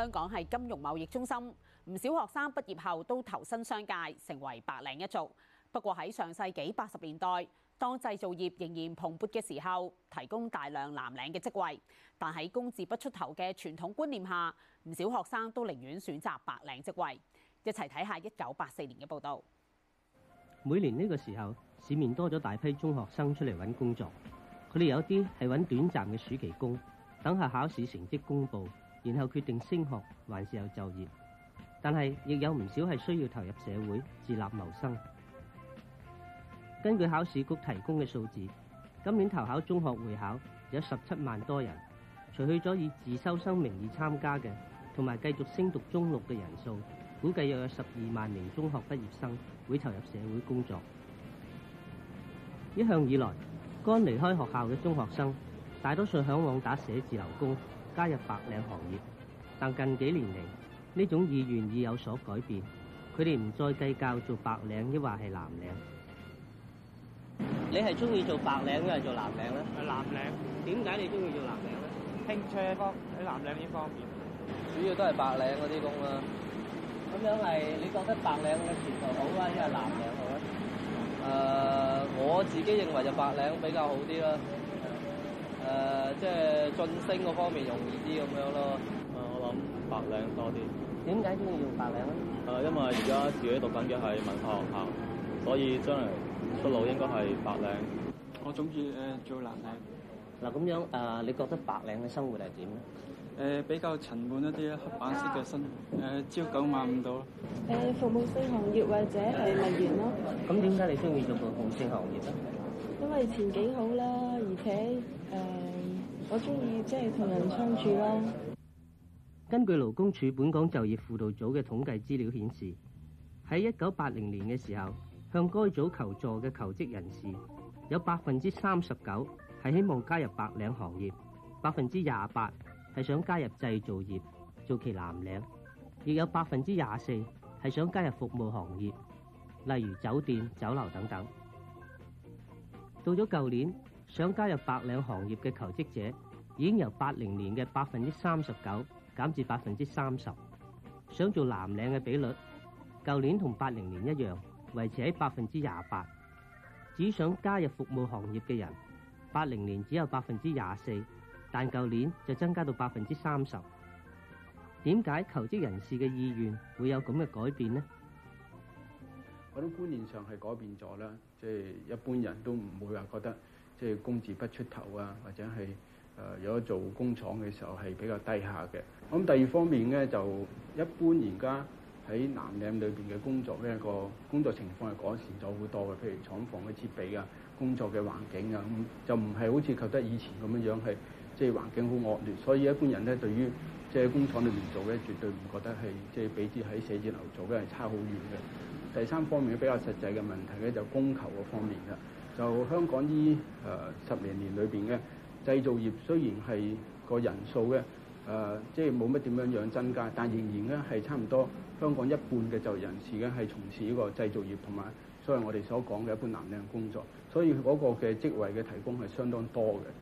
香港係金融貿易中心，唔少學生畢業後都投身商界，成為白領一族。不過喺上世紀八十年代，當製造業仍然蓬勃嘅時候，提供大量藍領嘅職位。但喺工字不出頭嘅傳統觀念下，唔少學生都寧願選擇白領職位。一齊睇下一九八四年嘅報道。每年呢個時候，市面多咗大批中學生出嚟揾工作。佢哋有啲係揾短暫嘅暑期工，等下考試成績公佈。然後決定升學還是有就業，但係亦有唔少係需要投入社會自立謀生。根據考試局提供嘅數字，今年投考中學會考有十七萬多人，除去咗以自修生名義參加嘅，同埋繼續升讀中六嘅人數，估計又有十二萬名中學畢業生會投入社會工作。一向以來，剛離開學校嘅中學生，大多數嚮往打寫字樓工。加入白領行業，但近幾年嚟呢種意願已有所改變，佢哋唔再計較做白領抑或係藍領。你係中意做白領抑係做藍領咧？係藍領。點解你中意做藍領咧？興趣方喺藍領呢方面，主要都係白領嗰啲工啊。咁樣係，你覺得白領嘅前途好啊，抑係藍領好咧？誒、呃，我自己認為就白領比較好啲啦。誒、呃，即係晉升嗰方面容易啲咁樣咯。啊、呃，我諗白領多啲。點解中意用白領咧？誒、呃，因為而家自己讀緊嘅係文化學校，所以將來出路應該係白領。嗯、我中意誒做藍領。嗱、呃，咁樣誒、呃，你覺得白領嘅生活係點咧？誒、呃，比較沉悶一啲啊，黑白色嘅生誒，朝九晚五到咯。誒、呃，服務性行業或者係文員咯。咁點解你中意做服務性行業咧？因為前幾好啦，而且誒、呃，我中意即係同人相處啦、啊。根據勞工處本港就業輔導組嘅統計資料顯示，喺一九八零年嘅時候，向該組求助嘅求職人士，有百分之三十九係希望加入白領行業，百分之廿八係想加入製造業做其藍領，亦有百分之廿四係想加入服務行業，例如酒店、酒樓等等。到咗舊年，想加入白領行業嘅求職者，已經由八零年嘅百分之三十九，減至百分之三十。想做藍領嘅比率，舊年同八零年一樣，維持喺百分之廿八。只想加入服務行業嘅人，八零年只有百分之廿四，但舊年就增加到百分之三十。點解求職人士嘅意願會有咁嘅改變呢？咁、嗯、觀念上係改變咗啦，即、就、係、是、一般人都唔會話覺得即係、就是、工字不出頭啊，或者係誒有得做工廠嘅時候係比較低下嘅。咁、嗯、第二方面咧，就一般而家喺南嶺裏邊嘅工作咧，個工作情況係改善咗好多嘅。譬如廠房嘅設備啊，工作嘅環境啊，咁就唔係好似及得以前咁樣樣係即係環境好惡劣，所以一般人咧對於即係工廠裏邊做咧，絕對唔覺得係即係比住喺寫字樓做咧係差好遠嘅。第三方面比較實際嘅問題咧，就是、供求嗰方面啦。就香港呢誒十年年裏邊咧，製造業雖然係個人數嘅誒、呃，即係冇乜點樣樣增加，但仍然咧係差唔多香港一半嘅就業人士咧係從事呢個製造業同埋，以所謂我哋所講嘅一般藍領工作，所以嗰個嘅職位嘅提供係相當多嘅。